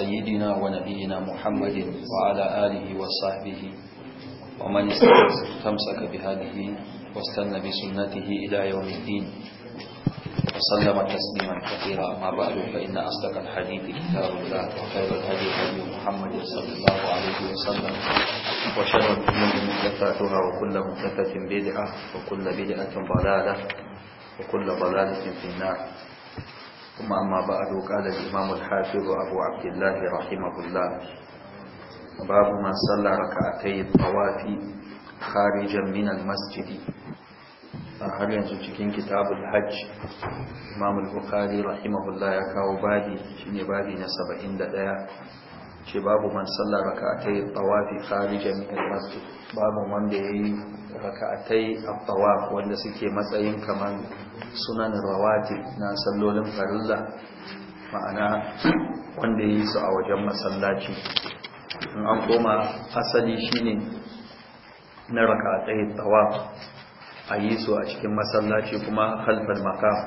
سيدنا ونبينا محمد وعلى آله وصحبه ومن استمسك بهذه واستنى بسنته إلى يوم الدين وسلم تسليما كثيرا أما بعد فإن أصدق الحديث كتاب الله وخير الهدي هدي محمد صلى الله عليه وسلم وشر الأمور محدثاتها وكل محدثة بدعة وكل بدعة ضلالة وكل ضلالة في النار ثم أما بعد قال الإمام الحافظ أبو عبد الله رحمه الله باب من صلى ركعتي الطواف خارجا من المسجد هل ينزل cikin كتاب الحج إمام البخاري رحمه الله يكاو بادي شنو بادي نا 71 ce babu man sallar raka'atai tawafi kharijan min al-masjid babu wanda yayi raka'atai at-tawaf wanda suke matsayin kaman sunan rawati na sallolin farilla ma'ana wanda yi su a wajen masallaci in an koma asali shine na raka rakatai tawaf a yi su a cikin masallaci kuma halfar makam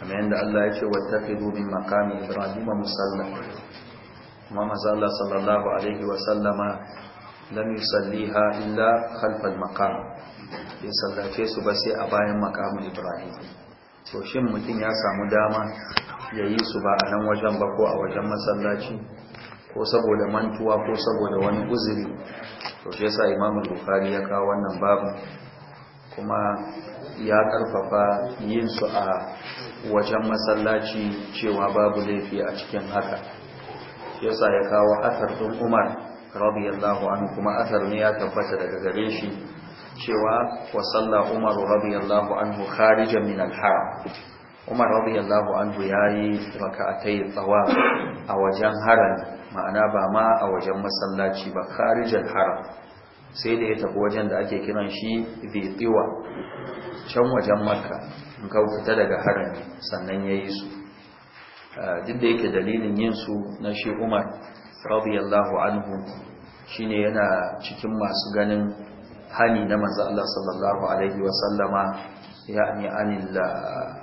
kamar yadda Allah ya ce wattaqidu min makami ibrahim musalla kuma mazalla sallallahu alaihi wa sallama lam yusalliha illa khalfal makam ya sallace su ba sai a bayan makamin ibrahim to shin mutum ya samu dama ya yi su ba a nan wajen ba ko a wajen masallaci ko saboda mantuwa ko saboda wani uzuri to shi yasa imamu bukari ya kawo wannan babu kuma ya karfafa yin su a wajen masallaci cewa babu laifi a cikin haka yasa ya kawo athar ɗin umar radiyallahu anhu kuma athar ne ya tabbata daga gare shi cewa wa Umar radiyallahu anhu kharijan min al-haram Umar radiyallahu anhu yayi raka'atai tsawa a wajen haram ma'ana ba ma a wajen masallaci ba kharijan haram sai da ya tafi wajen da ake kiran shi zitiwa can wajen makka in ka fita daga harani sannan yayi su ah, duk da yake dalilin yin su na shi umar radiyallahu anhu shine yana cikin masu ganin hani na manzo Allah sallallahu alaihi wa sallama yani anil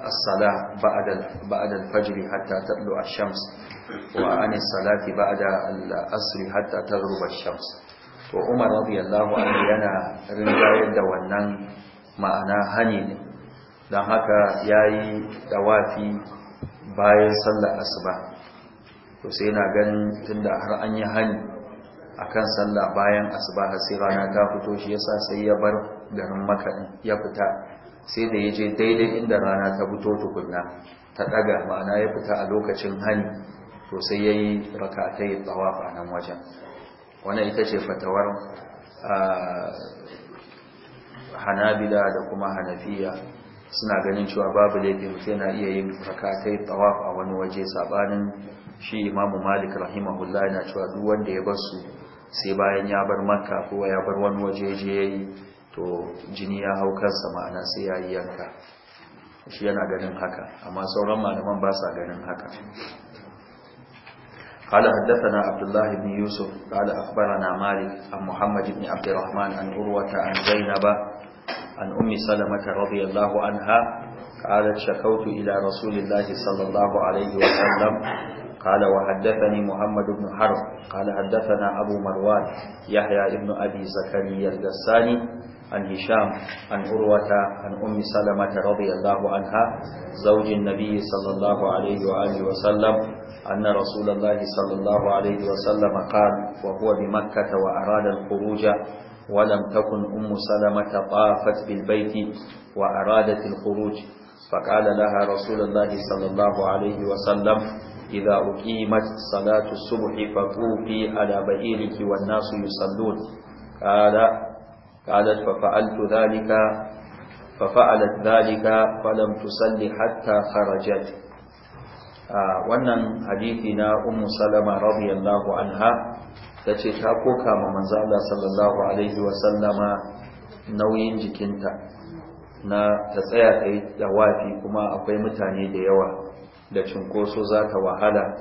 as-salah ba'da ba'da al-fajr hatta tatlu ash-shams wa anis salati ba'da al-asr hatta taghrub ash-shams to Umar radiyallahu anhu yana rinjayar da wannan ma'ana hani ne don haka yayi dawafi bayan sallar asuba to sai yana ganin tunda har an yi hani akan sallah bayan asuba har sai rana ta fito shi yasa sai ya bar garin Makka ya fita sai da yaje daidai inda rana ta fito tukunna ta daga ma'ana ya fita a lokacin hani to sai ya yi rakatai tawaf a nan wajen wannan ita ce fatawar hanabila da kuma hanafiya suna ganin cewa babu laifin mutum na iya yin rakatai tawaf a wani waje sabanin shi imamu malik rahimahullah yana cewa duk wanda ya bar su sai bayan ya bar makka ko ya bar wani waje je yayi to jini ya hau kansa ma'ana sai ya yi yanka shi yana ganin haka amma sauran malaman ba sa ganin haka قال حدثنا عبد الله بن يوسف قال أخبرنا مالك عن محمد بن عبد الرحمن عن أروة عن زينب عن أم سلمة رضي الله عنها قالت شكوت إلى رسول الله صلى الله عليه وسلم قال وحدثني محمد بن حرب قال حدثنا أبو مروان يحيى ابن أبي زكريا الجساني عن هشام عن عروة عن أم سلمة رضي الله عنها زوج النبي صلى الله عليه وآله وسلم أن رسول الله صلى الله عليه وسلم قال وهو بمكة وأراد الخروج ولم تكن أم سلمة طافت بالبيت وأرادت الخروج فقال لها رسول الله صلى الله عليه وسلم إذا أقيمت صلاة الصبح فقوفي على بئيرك والناس يصلون قال قالت ففعلت ذلك ففعلت ذلك فلم تصلي حتى خرجت wannan hadithi na ummu salama radiyallahu anha tace ta koka ma manzo Allah sallallahu alaihi wa sallama nauyin jikinta na ta tsaya ta yi wafi kuma akwai mutane da yawa da cunkoso za ta wahala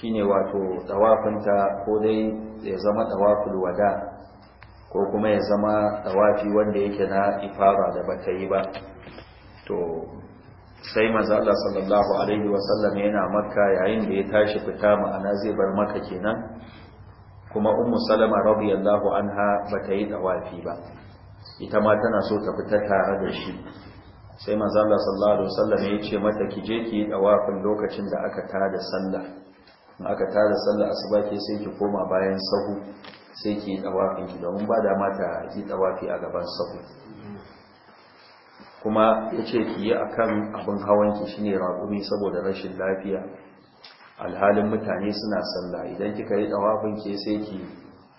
shi ne wato ɗawafinta ko dai ya zama ɗawafin wada ko kuma ya zama ɗawafi wanda yake na ifara da bata yi ba to sai maza'ala sallallahu alaihi wasallam yana makka yayin da ya tashi fita ma'ana zai bar maka kenan kuma umu salama radiyallahu anha bata yi ɗawafi ba ita ma tana so ta fita tare da shi sai mazala sallallahu alaihi wasallam ya ce mata ki je ki dawafin lokacin da aka tada sallah in aka tada sallah asuba ke sai ki koma bayan sahu sai ki dawafin ki domin ba da mata ki dawafi a gaban sahu kuma yace ki yi akan abin hawan ki shine raƙumi saboda rashin lafiya alhalin mutane suna sallah idan kika yi dawafin ki sai ki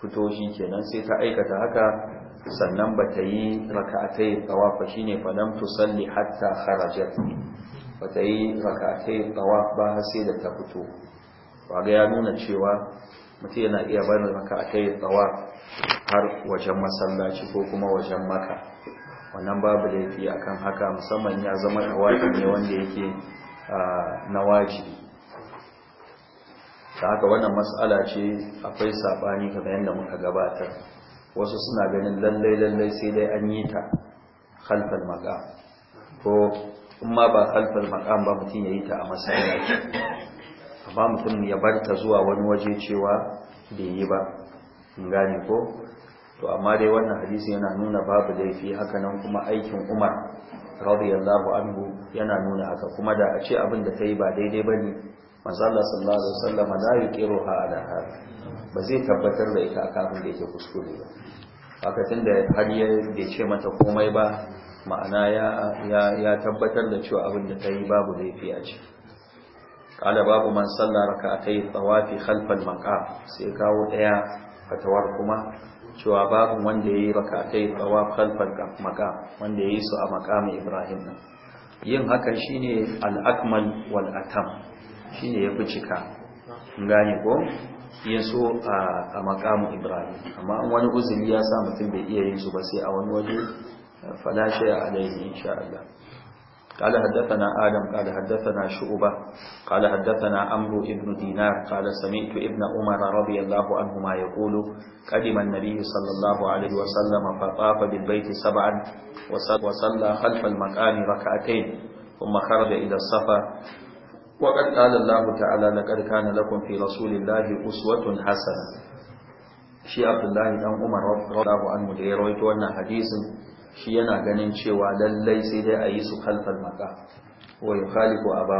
fito shi kenan sai ta aikata haka sannan ba ta yi raka'atai tsawafa ba shine falam tusalli hatta kharajat ba ta yi raka'atai tsawafa ba har sai da ta fito waga ya nuna cewa mutum yana iya barin raka'atai tsawafa har wajen masallaci ko kuma wajen maka wannan babu laifi akan haka musamman ya zama tawafi ne wanda yake na wajibi ta haka wannan matsala ce akwai saɓani kamar yadda muka gabatar wasu suna ganin lallai lallai sai dai an yi ta khalfal maqam ko in ma ba halfar maqam ba mutum ya yi ta a masallaci amma mutum ya bar ta zuwa wani waje cewa bai yi ba in gane ko to amma dai wannan hadisi yana nuna babu laifi haka nan kuma aikin Umar radiyallahu anhu yana nuna haka kuma da a ce abin da ta yi ba daidai bane manzo sallallahu alaihi wasallam la a da ba zai tabbatar da ita a kafin da yake kuskure ba haka tunda har ya da ce mata komai ba ma'ana ya tabbatar da cewa abin da ta yi babu zai a ciki kala babu man sallah raka'atai tawafi khalfal maqam sai kawo daya fatawar kuma cewa babu wanda yayi raka'atai tawaf khalfal maqam wanda yayi su a maqam Ibrahim nan yin hakan shine al-akmal wal atam shine yafi cika gane ko yin so a makamu ibrahim amma wani uzuri ya sa mutum bai iya yin su ba sai a wani waje fala shaya alaihi insha Allah قال حدثنا آدم قال حدثنا شعبة قال حدثنا عمرو بن دينار قال سمعت ابن عمر رضي الله عنهما يقول قدم النبي صلى الله عليه وسلم فطاف بالبيت سبعا وصلى خلف المكان ركعتين ثم خرج إلى الصفا وقد قال الله تعالى لقد كان لكم في رسول الله أسوة حسنة shi Abdullahi dan Umar رضي الله عنه ده rawaito wannan hadisin shi yana ganin cewa lallai sai dai ayi su kalfal maka wa yukhaliqu aba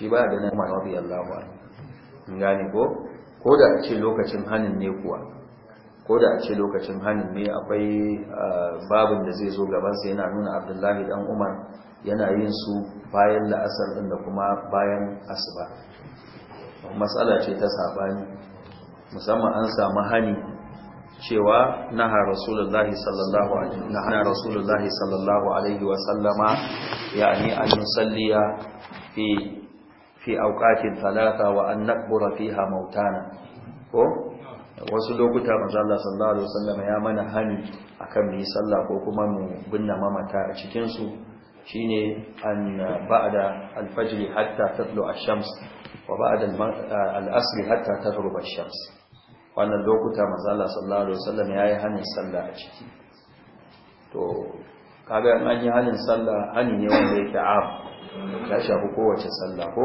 shi ba ganin Umar radiyallahu anhu gane ko ko da a ce lokacin hanin ne kuwa ko da a ce lokacin hanin ne akwai babin da zai zo gaban sa yana nuna Abdullahi dan Umar yana yin su bayan la'asar din da kuma bayan asuba matsala ce ta sabani musamman an samu hani cewa naha rasulullahi sallallahu alaihi naha rasulullahi sallallahu alaihi wa sallama yani an nusalliya fi fi awqatin thalatha wa an naqbura fiha mautana ko wasu lokuta manzo Allah sallallahu alaihi sallama ya mana hani akan mu yi sallah ko kuma mu binna mamata a cikin su shine an uh, ba'da al-fajr hatta tatlu ash-shams wa ba'da uh, al-asr hatta taghrib ash-shams wannan lokuta manzo Allah sallallahu alaihi wasallam yayi hanin sallah a ciki to kaga an yi hanin sallah hani ne wanda yake abu, ya shafi kowace sallah ko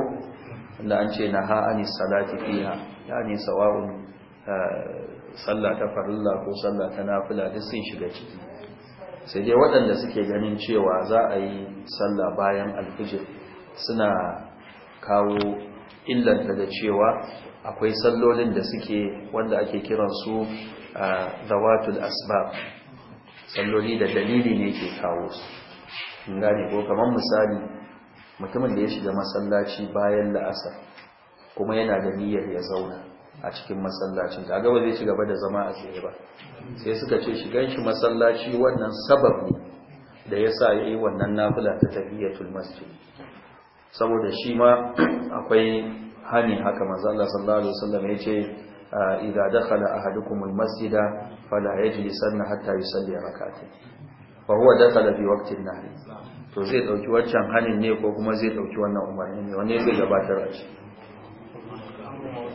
wanda an ce naha ani salati fiha yani sawa'un uh, sallah ta farilla ko sallah ta nafila duk sun shiga ciki sai dai waɗanda suke ganin cewa za a yi sallah bayan alfijir suna kawo illanta da cewa akwai sallolin da suke wanda ake kiransu a zawatul asbab salloli da dalili ne ke kawo su gane ko kamar misali mutumin da ya shiga masallaci bayan la'asar kuma yana da niyyar ya zauna a cikin masallacin kaga ba zai ci gaba da zama a tsaye ba sai suka ce shigan shi masallaci wannan ne da ya sa yayi wannan nafila ta tahiyatul masjid saboda shi ma akwai hani haka manzo sallallahu alaihi wasallam yace idza dakhala ahadukumul masjida fala yajlisanna hatta yusalli rak'atayn fa huwa dakhala fi waqtin nahr to zai dauki waccan hanin ne ko kuma zai dauki wannan umarni ne wanne zai gabatar a ciki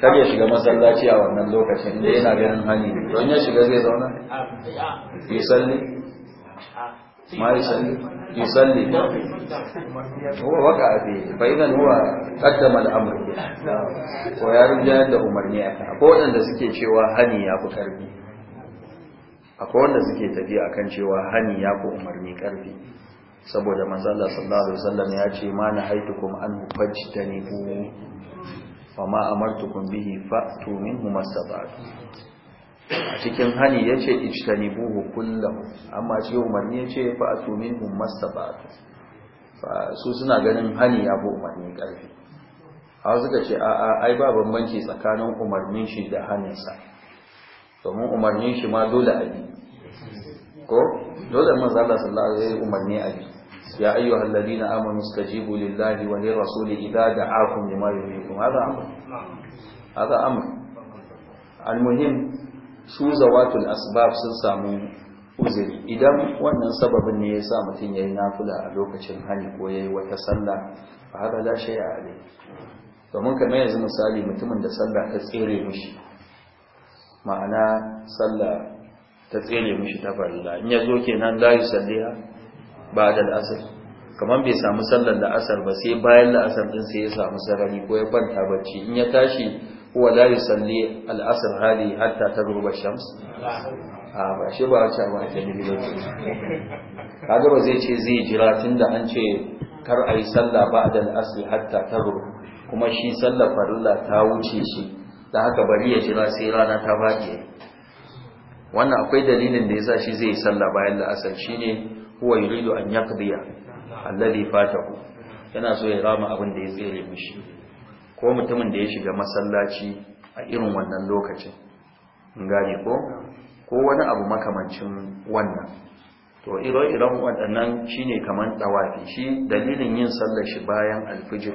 kar ya shiga masallaci a wannan lokacin da yana ganin hani don ya shiga zai zauna yi salli ma yi salli yi salli huwa waka a fiye fa idan huwa kaddama amurki ko ya rinja da umarni a kan akwai waɗanda suke cewa hani ya fi ƙarfi akwai wanda suke a kan cewa hani ya fi umarni ƙarfi saboda manzo sallallahu alaihi wasallam ya ce ma na haitukum an ne wa ma amartukum bihi min hu mastata'tu a cikin hani yace ijtanibuhu kullahu amma ce umarni yace hu minhu mastata'tu su suna ganin hani abu umarni karfi a suka ce a a ai ba bambanci tsakanin umarnin shi da haninsa domin umarnin shi ma dole a yi ko dole manzo Allah sallallahu alaihi umarni a yi يا أيها الذين آمنوا استجيبوا لله وللرسول إذا دعاكم لما يريكم هذا أمر هذا أمر المهم su zawatul asbab sun samu uzuri idan wannan sababin ne ya sa mutum ya yi nafula a lokacin hani ko ya yi wata sallah ba haka la shaya a domin kamar yanzu misali mutumin da sallah ta tsere mishi ma'ana sallah ta tsere mishi ta farilla in ya zo kenan la yusalliha ba'da al-asr kaman bai samu sallar da ba sai bayan da asar din sai ya samu sarari ko ya kwanta bacci in ya tashi huwa la yusalli al-asr hali hatta ash shams a ba shi ba ta ba ta dubi ba kaga ba zai ce zai jira tunda an ce kar ayi sallah ba'da al-asr hatta tagruba kuma shi sallar farilla ta wuce shi da haka bari ya jira sai rana ta fadi wannan akwai dalilin da yasa shi zai yi sallah bayan da asar shine huwa yuridu an yaqdiya alladhi fatahu yana so ya rama abin da ya tsere mishi ko mutumin da ya shiga masallaci a irin wannan lokacin in gane ko ko wani abu makamancin wannan to iro iren waɗannan shine kaman tawafi shi dalilin yin sallar shi bayan alfijir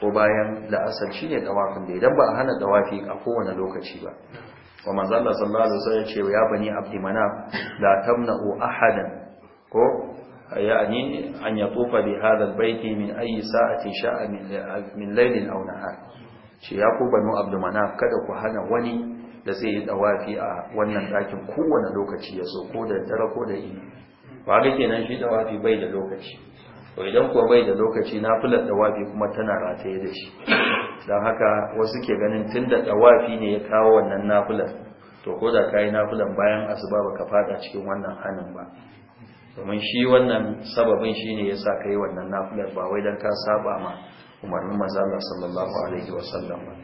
ko bayan la'asar shine tawafin da idan ba a hana ɗawafi a kowane lokaci ba wa manzo Allah sallallahu alaihi wasallam ya ce ya bani abdi manaf la tamna'u ahadan ko ni an yatufa bi hadha baiti min ayi sa'ati sha'a min laylin aw nahar shi ya ku banu abdul manaf kada ku hana wani da zai yi dawafi a wannan dakin kowane lokaci ya so ko da dare ko da yini ba ga kenan shi dawafi bai da lokaci to idan ko bai da lokaci fulan dawafi kuma tana rataye da shi dan haka wasu ke ganin tun da dawafi ne ya kawo wannan nafilar to ko da kayi nafilan bayan asuba ba ka fada cikin wannan hanin ba domin shi wannan sababin sa ka yi wannan nafilar ba wai dan ka saba ma umarnin mazalar sallallahu alaihi wasallam ba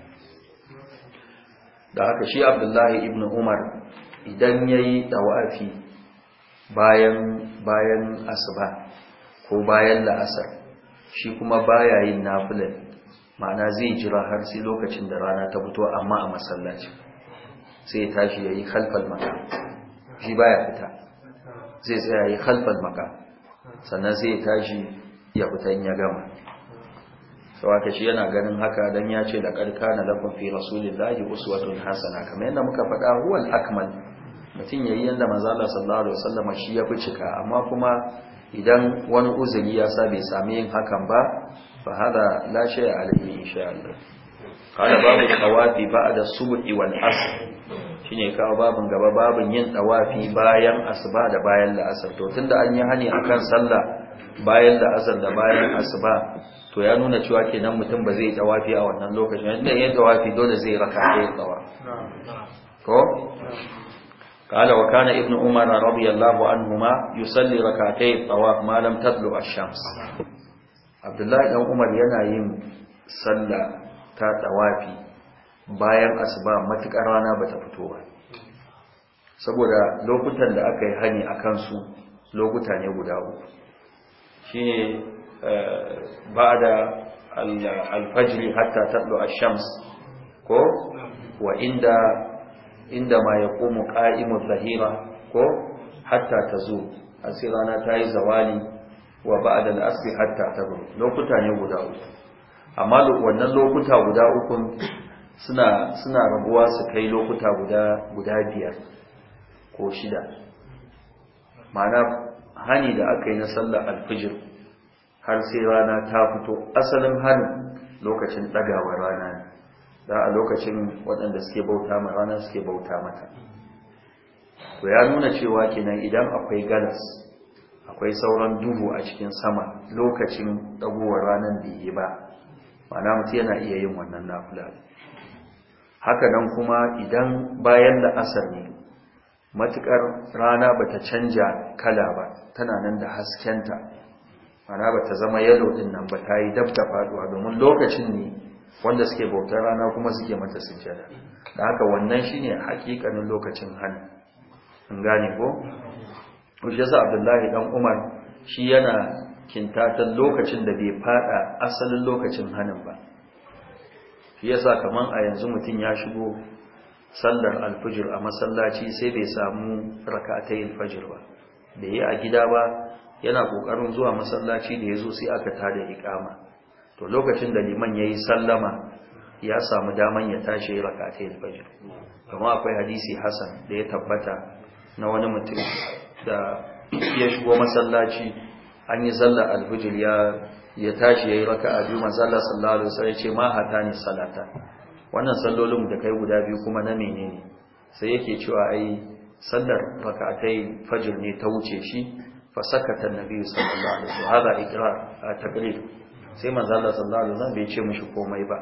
da haka shi Abdullahi ibn Umar idan yayi dawafi bayan bayan asuba ko bayan la'asar shi kuma baya yin nafilar ma'ana zai jira har sai lokacin da rana ta fito amma a masallaci sai ya tashi yayi khalfal maka shi baya fita zai tsaya yi halbal maka sannan sai ya tashi ya fita in ya gama sauwaka shi yana ganin haka don ya ce da ƙarƙa na lafin fi rasulillahi uswatun hasana kamar yadda muka faɗa huwal akmal mutum ya yi yadda manzala sallallahu alaihi wasallama shi ya fi cika amma kuma idan wani uzuri ya sa bai sami yin hakan ba fa hada la shay'a alaihi insha Allah babu tawafi ba'da بعد wal asr shine kawo babin gaba babin yin tawafi bayan asuba da bayan la'asar to tunda an yi hani akan sallah bayan la'asar da bayan asuba to ya nuna cewa kenan mutum ba zai tawafi a wannan lokacin inda yin tawafi dole zai raka ɗaya tsawa ko قال وكان ابن عمر رضي الله عنهما yusalli ركعتي tawaf ma lam tadlu ash Shams. Abdullahi Dan Umar yana yin sallah ta tsawafi bayan asuba matuƙar rana ba ta fito ba saboda lokutan da aka yi hani a kansu lokuta ne guda uku shi ne eh, ba da alfajiri hatta taɗo a shams ko wa inda inda ma ya komo ƙa'imun zahira ko hatta ta zo a sai rana ta yi zawali wa ba da asiri hatta ta zo lokuta ne guda uku amma wannan lokuta guda ukun suna suna rabuwa su kai lokuta guda guda biyar ko shida ma'ana hani da aka yi na sallar alfijir har sai rana ta fito asalin hanin lokacin ɗagawa rana ne da a lokacin waɗanda suke bauta ma rana suke bauta mata to ya nuna cewa kenan idan akwai galas akwai sauran duhu a cikin sama lokacin ɗagowar ranar da yi ba mana mutu yana iya yin wannan ne? haka nan kuma idan bayan da asar ne matukar rana bata canja kala ba tana nan da haskenta mana bata zama yalo din nan ba ta yi dab da faduwa domin lokacin ne wanda suke bautar rana kuma suke mata sujjada da haka wannan shine hakikanin lokacin hannu in gane ko sa Abdullahi ɗan Umar shi yana kintatan lokacin da bai fada asalin lokacin hanin ba shi yasa kaman a yanzu mutum ya shigo sallar alfijir a masallaci sai bai samu rakatayin fajr ba da yi a gida ba yana kokarin zuwa masallaci da yazo sai aka tada iqama to lokacin da liman yayi sallama ya samu daman ya tashi rakatayin fajr kuma akwai hadisi hasan da ya tabbata na wani mutum da ya shigo masallaci an yi zalla alfijir ya ya tashi raka raka'a biyu manzo Allah sallallahu alaihi ce ma ne salata wannan sallolin da kai guda biyu kuma na menene sai yake cewa ai sallar yi fajir ne ta wuce shi fa sakata annabi sallallahu alaihi wasallam hada ikrar sai manzo sallallahu alaihi wasallam bai ce mishi komai ba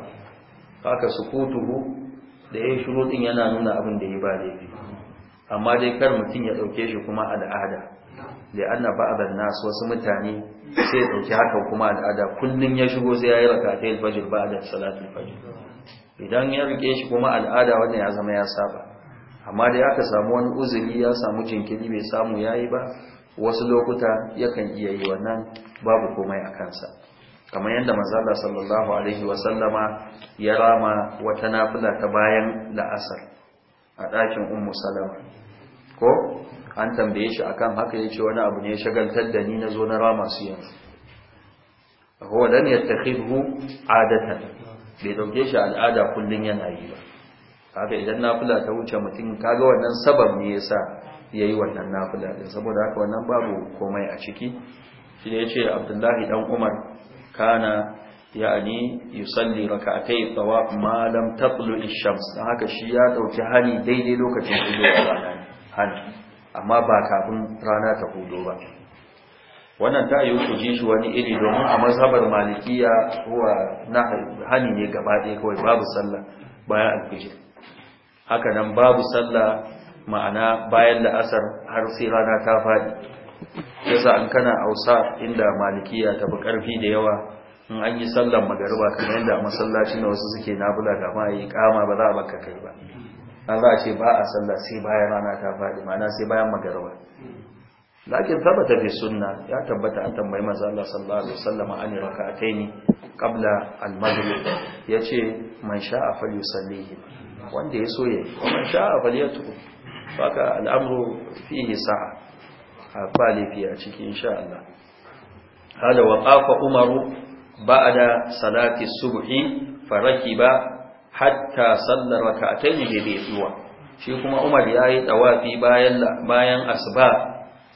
haka sukutuhu da yayin din yana nuna abin da yi ba laifi amma dai kar mutum ya ɗauke shi kuma al'ada da anna ba'dan nas wasu mutane sai ya dauki haka kuma al'ada kullum ya shigo sai ya yayi rak'atayil fajr ba'da salatul fajr idan ya rike shi kuma al'ada wannan ya zama ya saba amma da aka samu wani uzuri ya samu jinkiri bai samu yayi ba wasu lokuta yakan iya yi wannan babu komai a kansa kamar yadda manzala sallallahu alaihi wasallama ya rama wata nafila ta bayan la'asar a ɗakin ummu salama ko an tambaye shi akan haka yace wani abu ne ya shagaltar da ni nazo na rama su yanzu dan ya yattakhidhu adatan bai dauke shi al'ada kullun yana yi ba kaga idan nafila ta wuce mutum kaga wannan sabab ne yasa yayi wannan nafila din saboda haka wannan babu komai a ciki shi ne yace Abdullahi dan Umar kana yani yusalli raka'atay tawaf ma lam taqlu ash-shams haka shi ya dauki hali daidai lokacin da ido rana hali. amma ba kafin rana ta hudu ba wannan ta yi ku ji wani iri domin a mazhabar malikiya huwa na hani ne gaba ɗaya kawai babu sallah bayan alfijir haka nan babu sallah ma'ana bayan la'asar har sai rana ta faɗi yasa an kana ausa inda malikiya ta fi ƙarfi da yawa in an yi sallar magariba kamar yadda masallaci da wasu suke nabula gama yi kama ba za a baka kai ba an za a ce ba a sallah sai bayan rana ta faɗi mana sai bayan magarba lakin tabbata fi sunna ya tabbata an tambayi manzo Allah sallallahu alaihi wasallam an raka'atayn qabla al-maghrib yace man sha'a falyusallihi wanda ya so yayi man sha'a falyatu haka al'amru fihi sa'a a falifi a ciki insha Allah hada waqafa umaru ba'da salati subhi farakiba hatta sallar raka'atayn ne bai zuwa shi kuma Umar ya tawafi bayan bayan asuba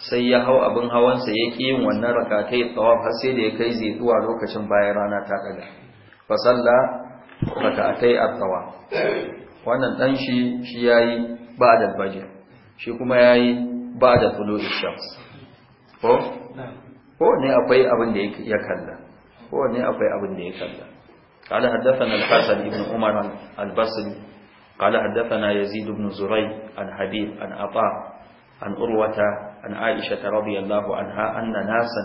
sai ya hau abin hawansa ya ƙi yin wannan rakatai tawaf har sai da ya kai zai zuwa lokacin bayan rana ta ɗaga. fa salla rakatai at-tawaf wannan dan shi shi yayi ba'da da fajr shi kuma yayi ba'da tulu'i shams ko ko ne akwai abin da ya kalla ko ne akwai abin da ya kalla قال حدثنا الحسن بن عمر البصري قال حدثنا يزيد بن زريع عن حبيب عن عطاء عن أروة عن عائشة رضي الله عنها أن ناسا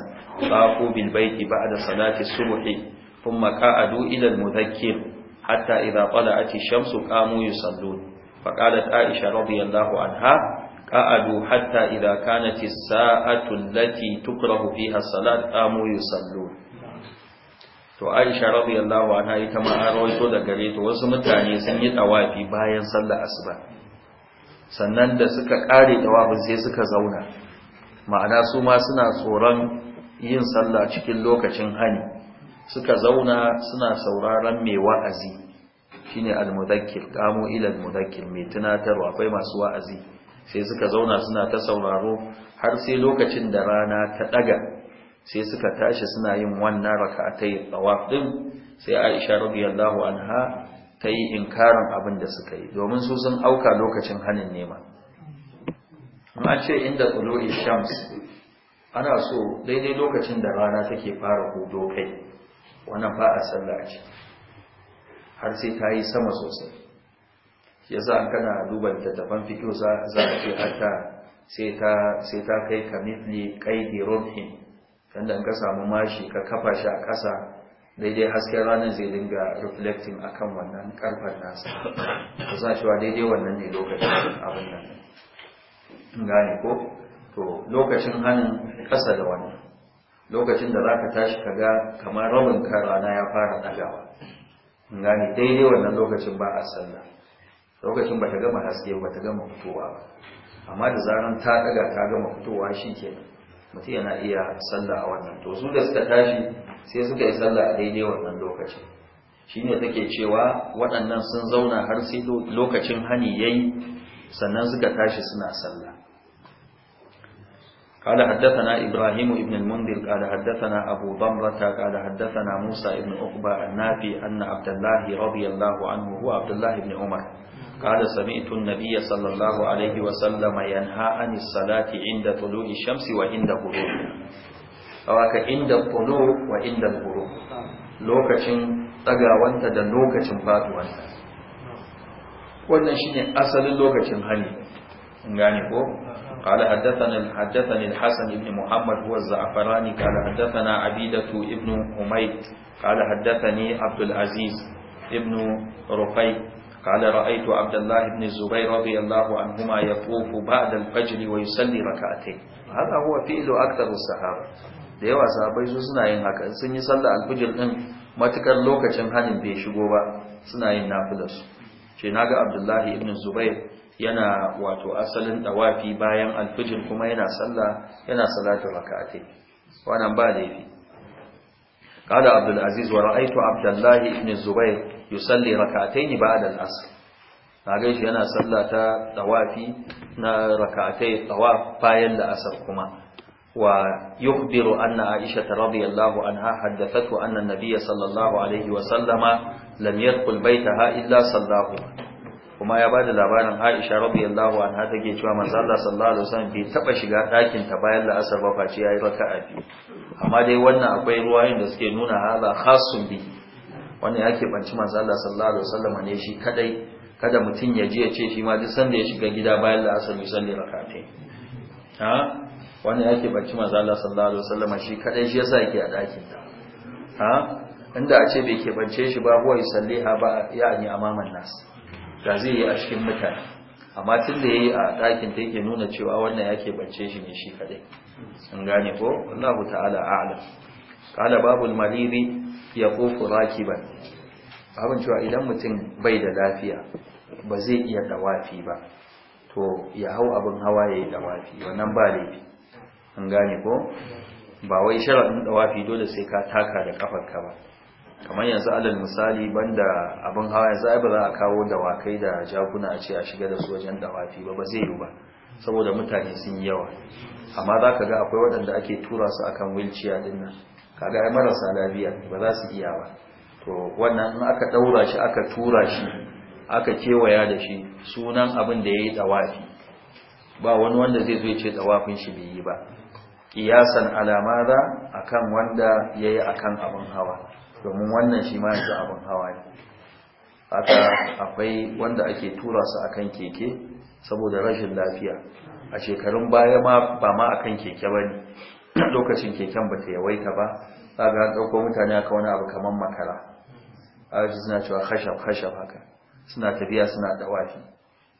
طافوا بالبيت بعد صلاة الصبح ثم قعدوا إلى المذكر حتى إذا طلعت الشمس قاموا يصلون فقالت عائشة رضي الله عنها قعدوا حتى إذا كانت الساعة التي تكره فيها الصلاة قاموا يصلون to Aisha radiyallahu anha ita ma an rawaito da gare ta wasu mutane sun yi tawafi bayan sallar asuba sannan da suka kare tawafin sai suka zauna ma'ana su ma suna tsoron yin sallah cikin lokacin hani suka zauna suna sauraron mai wa'azi shine al mudhakkir qamu ila al mudhakkir mai tunatarwa akwai masu wa'azi sai suka zauna suna ta sauraro har sai lokacin da rana ta daga sai suka tashi suna yin wannan raka'atai tawaf din sai Aisha radiyallahu anha ta yi inkarin abin da suka yi domin su sun auka lokacin hanin nema amma ce inda tsuluri shams ana so daidai lokacin da rana take fara hudo kai wannan ba a sallah ce har sai ta yi sama sosai yasa an kana duba littattafan fito za a ce hatta sai ta kai kamifli kaidi rumhin yanda in ka samu mashi ka kafa shi a ƙasa daidai hasken ranar zai dinga reflecting kan wannan ƙarfar nasa sa cewa daidai wannan ne lokacin abin nan gane ko to lokacin hannun ƙasa da wannan lokacin da za ka tashi ka ga kamar rabin kan rana ya fara ɗagawa gane daidai wannan lokacin ba a sallah lokacin ba ta gama haske ba ta gama fitowa ba amma da zaran ta ɗaga ta gama fitowa shi kenan mutum yana iya sallah a wannan to su da suka tashi sai suka yi sallah a daidai wannan lokacin shine take cewa waɗannan sun zauna har sai lokacin hani yayi sannan suka tashi suna sallah قال حدثنا إبراهيم بن المنذر قال حدثنا أبو ضمرة قال حدثنا موسى بن عقبة النافي أن عبد الله رضي الله عنه هو عبد الله بن عمر قال سمعت النبي صلى الله عليه وسلم ينهى عن الصلاة عند طلوع الشمس وعند غروبها أوك عند الطلوع وعند الغروب لوكشن تقاوانت دا لوكشن فاتوانت wannan shine asalin lokacin hani gane ko قال حدثنا حدثني الحسن بن محمد هو الزعفراني قال حدثنا عبيدة ابن أميت قال حدثني عبد العزيز ابن رقي قال رأيت عبد الله بن الزبير رضي الله عنهما يطوف بعد الفجر ويصلي ركعتين هذا هو فعل أكثر الصحابة da yawa sahabai su suna yin haka sun yi sallah alfijir din matukar lokacin hanin bai shigo ba suna yin nafilar su na ga Abdullahi ibn Zubair yana wato asalin dawafi bayan alfijir kuma yana sallah yana salatu rak'ati wannan ba laifi qala Abdul Aziz wa ra'aytu Abdullahi ibn Zubair yusalli rak'atayn ba'da al-asr kaga shi yana sallata tawafi na rakatai tawaf bayan al-asr kuma wa yukhbiru anna Aisha radhiyallahu anha haddathathu anna an-nabiy sallallahu alaihi wa sallama lam yadkhul baytaha illa sallahu kuma ya bada labarin Aisha radhiyallahu anha take cewa manzo Allah sallallahu alaihi wasallam bai taba shiga ɗakin ta bayan la'asar ba face yayi raka'a biyu amma dai wannan akwai ruwayoyin da suke nuna hala khasun bi wannan ya keɓanci masu Allah sallallahu alaihi wasallama ne shi kadai kada mutum ya ji ya ce shi ma duk sanda ya shiga gida bayan la'asar yusalli rak'atayn ha wannan ya keɓanci masu Allah sallallahu alaihi wasallama shi kadai shi ya sa yake a ɗakin ta ha inda a ce bai keɓance shi ba huwa ha ba a maman nas da zai yi a cikin mutane amma tun da ya yi a ɗakin ta yake nuna cewa wannan ya keɓance shi ne shi kadai in gane ko Allahu ta'ala a'lam قال باب المريض ya kofu ba abin cewa idan mutum bai da lafiya ba zai iya dawafi ba to ya hau abin hawa ya yi dawafi wannan ba laifi an gane ko ba wai sharaɗin dawafi dole sai ka taka da ƙafarka ba kamar yanzu alal misali banda abin hawa yanzu ba za a kawo dawakai da jakuna a ce a shiga da su wajen dawafi ba ba zai yi ba saboda mutane sun yi yawa amma za ka ga akwai waɗanda ake tura su akan wilciya din kaga ai marasa lafiya ba za su iya ba to wannan in aka daura shi aka tura shi aka kewaya da shi sunan abin da yayi dawafi ba wani wanda zai zo ya ce dawafin shi bai yi ba kiyasan alamada akan wanda yayi akan abin hawa domin wannan shi ma yanzu abin hawa ne haka akwai wanda ake tura su akan keke saboda rashin lafiya a shekarun baya ma ba ma akan keke bane lokacin keken ba ta yawaita ba za ga ɗauko mutane aka wani abu kamar makara a suna cewa khashab haka suna tafiya suna dawafi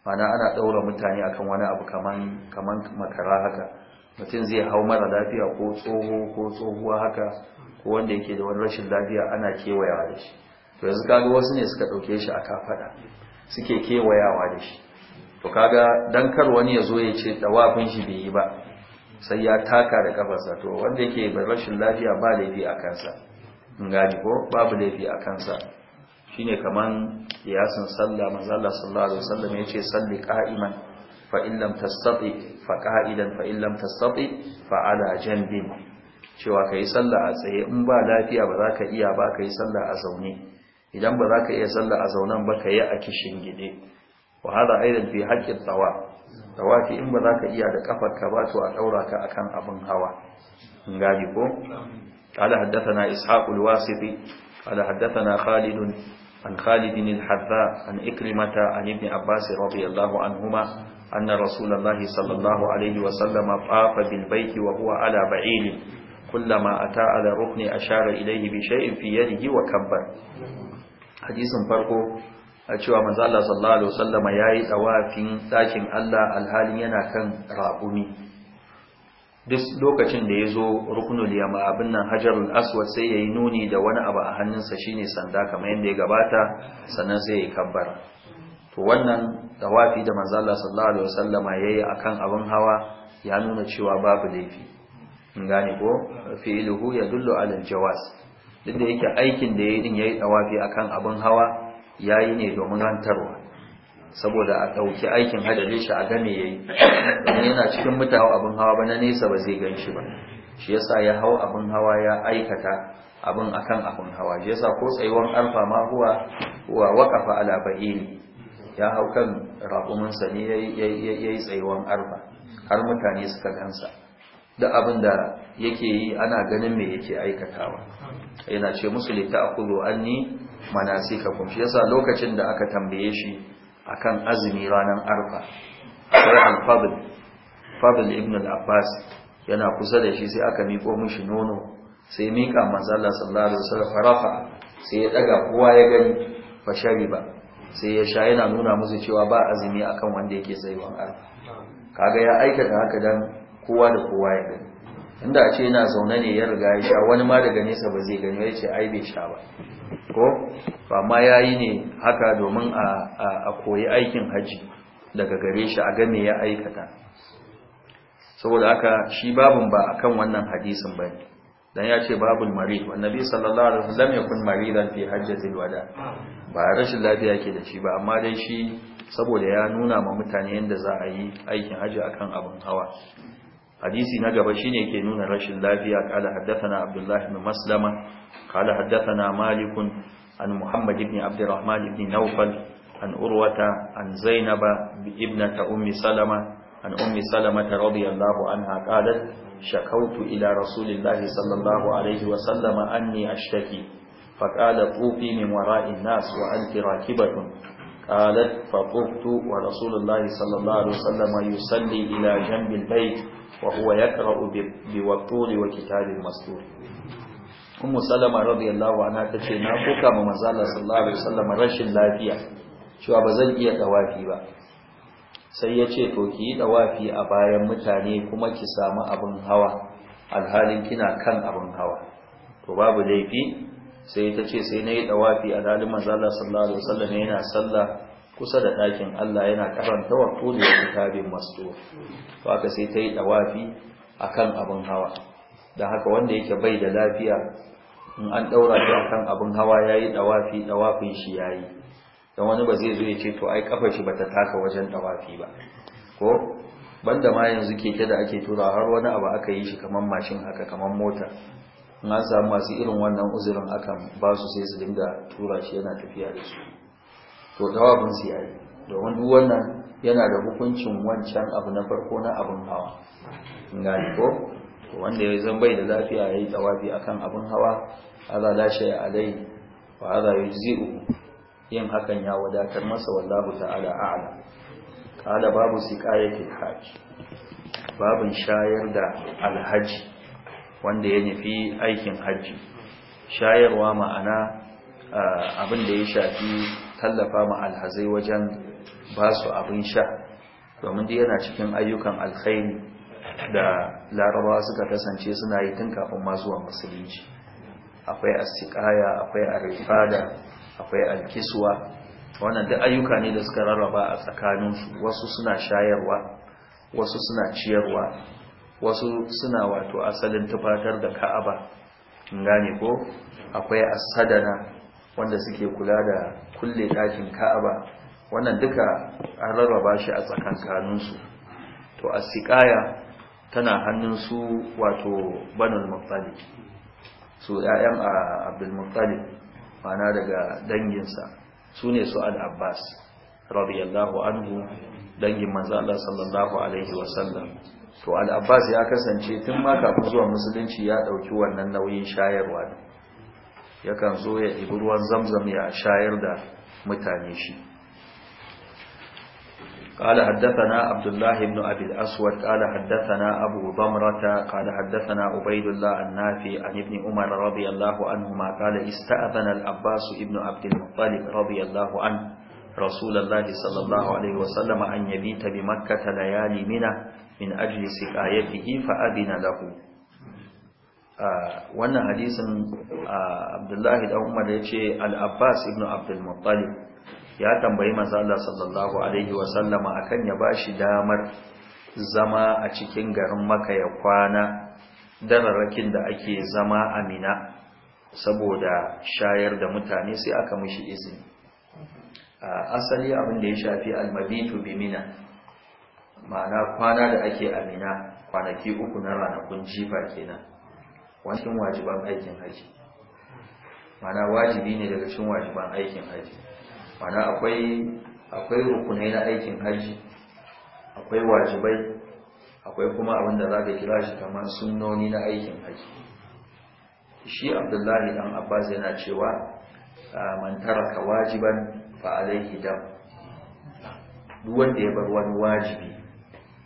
mana ana ɗaura mutane akan wani abu kamar makara haka mutum zai hau mara lafiya ko tsoho ko tsohuwa haka ko wanda yake da wani rashin lafiya ana kewayawa da shi to yanzu kaga wasu ne suka ɗauke shi a kafaɗa suke kewayawa da shi to kaga dan kar wani ya zo ya ce ɗawafin shi bai yi ba sai ya taka da kafarsa to wanda yake bar rashin lafiya ba laifi a kansa in gani ko babu laifi a kansa shine kaman yasin sallah manzo Allah sallallahu alaihi wasallam yace salli qa'iman fa in lam tastati fa qa'idan fa in lam tastati fa ala janbin cewa kai sallah a tsaye in ba lafiya ba za ka iya ba kai sallah a zaune idan ba za ka iya sallah a zaunan ba kai a kishin gide wa hada aidan fi haqqi tawaf tawafi in ba za ka iya da kafar ka ba to a daura ka akan abin hawa in gani ko qala an ikrimata an ibn abbas anna rasulullahi sallallahu alayhi wa huwa ala kullama ata ala rukni ashara ilayhi bi shay'in fi kabbar hadithun farqo A cewa manzo Allah sallallahu alaihi wasallama yayi dawafin dakin Allah alhalin yana kan rabumi duk lokacin da yazo ruknul yama abin nan hajarul aswad sai yayi nuni da wani abu a hannunsa shine sanda kamar yanda ya gabata sannan sai ya kabbara to wannan dawafi da manzo Allah sallallahu alaihi wasallama yayi akan abin hawa ya nuna cewa babu laifi in gane ko fi'luhu yadullu ala aljawaz duk da yake aikin da yayi din yayi dawafi akan abin hawa ya yi ne domin hantarwa. saboda a ɗauki aikin hadari shi a game ya yi domin yana cikin mutawa abin hawa ba na nesa ba zai gan shi ba shi yasa ya hau abin hawa ya aikata abin akan abin hawa shi yasa ko tsayuwan alfa ma huwa wa waƙafa ala ne. ya hau kan raƙuminsa ne ya yi tsayuwan alfa har mutane suka gansa da abin da yake yi ana ganin me yake aikatawa yana ce musu litta akudu anni manasikakum shi yasa lokacin da aka tambaye shi akan azumi ranar arfa sai al-fadl fadl ibn al-abbas yana kusa da shi sai aka miko mishi nono sai mika manzo Allah sallallahu alaihi wasallam farafa sai ya daga kowa ya gani fa ba, sai ya sha yana nuna musu cewa ba azumi akan wanda yake tsayuwan arfa kaga ya aikata haka dan kowa da kowa ya gani inda a ce yana zaune ne ya riga ya sha wani ma daga nesa ba zai gani ya ce ai bai sha ba ko ba ma ya yi ne haka domin a koyi aikin hajji daga gare shi a game ya aikata saboda haka shi babin ba a kan wannan hadisin ba dan ya ce babul marid wannabi sallallahu alaihi wasallam kun maridan fi hajjati wada ba rashin lafiya ke da shi ba amma dai shi saboda ya nuna ma mutane yadda za a yi aikin hajji akan abin hawa hadisi na gaba shine ke nuna rashin lafiya kala haddathana abdullahi bin maslama kala haddathana malik an muhammad ibn abdurrahman ibn nawfal an urwata an zainaba ibnata ummi salama an ummi salama radiyallahu anha qalat shakawtu ila rasulillahi sallallahu alaihi wa sallama anni ashtaki فقال طوفي من وراء الناس وأنت راكبة قالت فطفت ورسول الله صلى الله عليه وسلم يصلي إلى جنب البيت wa huwa yaqra'u bi watturi wa kitabin mastur ummu salama radiyallahu anha tace na koka ma manzo sallallahu alaihi wasallam rashin lafiya cewa ba zan iya dawafi ba sai ya ce to ki yi dawafi a bayan mutane kuma ki samu abin hawa alhalin kina kan abin hawa to babu laifi sai tace ce sai na yi a dalilin manzo sallallahu alaihi wasallam yana sallah kusa da ɗakin Allah yana karanta wa tuli da kitabin mastur to aka sai ta yi dawafi kan abin hawa da haka wanda yake bai da lafiya in an daura shi akan abin hawa ya yi ɗawafi dawafin shi ya yi, don wani ba zai zo ya ce to ai kafa shi ba ta taka wajen ɗawafi ba ko banda ma yanzu keke da ake tura har wani abu aka yi shi kamar mashin haka kamar mota in an samu masu irin wannan uzurin akan ba su sai su dinga tura shi yana tafiya da su to dawabin su yayi domin duk wannan yana da hukuncin wancan abu na farko na abun hawa gani ko wanda ya zan bai da lafiya yayi tawafi akan abin hawa Allah la shay alai wa hadha yujzi'u yin hakan ya wadatar masa wallahu ta'ala a'lam qala babu siqayatil hajj babin shayar da alhaji wanda ya nufi aikin hajji shayarwa ma'ana ah, abin da ya shafi tallafa ma alhazai wajen ba su abin sha domin da yana cikin ayyukan alkhairi da larabawa suka kasance suna yi tun kafin masu wa musulunci akwai astiqaya akwai arifada akwai alkiswa wannan duk ayyuka ne da suka rarraba a tsakaninsu wasu suna shayarwa wasu suna ciyarwa wasu suna wato asalin tufatar da ka'aba gane ko akwai asadana wanda suke kula da kulle dakin ka'aba wannan duka an rarraba shi a tsakankaninsu to a siƙaya tana hannun su wato banul muqtalib su ƴaƴan abdul muqtalib mana daga danginsa su ne su al-abbas radiyallahu anhu dangin manzo Allah sallallahu alaihi wasallam to al-abbas ya kasance tun ma kafin zuwa musulunci ya dauki wannan nauyin shayarwa yakan zo ya ibi ruwan zamzam ya shayar da mutane shi قال حدثنا عبد الله بن أبي الأسود قال حدثنا أبو ضمرة قال حدثنا عبيد الله النافي عن ابن عمر رضي الله عنهما قال استأذن العباس ابن عبد المطلب رضي الله عنه رسول الله صلى الله عليه وسلم أن يبيت بمكة ليالي منه من أجل سقايته فأذن له wannan hadisin abdullahi da umar ya ce alabbas abbas ibn abdul ya tambayi manzo Allah sallallahu alaihi wa sallama akan ya ba shi damar zama a cikin garin maka ya kwana dararrakin da ake zama a Mina saboda shayar da mutane sai aka mushi izini asali abinda ya shafi almabitu bi Mina ma'ana kwana da ake a Mina kwanaki uku na ranakun jifa kenan wajen wajiban aikin haji mana wajibi ne daga cikin wajiban aikin haji mana akwai akwai rukunai na aikin haji akwai wajibai akwai kuma abin da za ka kira shi kamar sunnoni na aikin haji shi abdullahi dan abbas yana cewa ah, man taraka wajiban fa alaihi dam duk wanda ya bar wani wajibi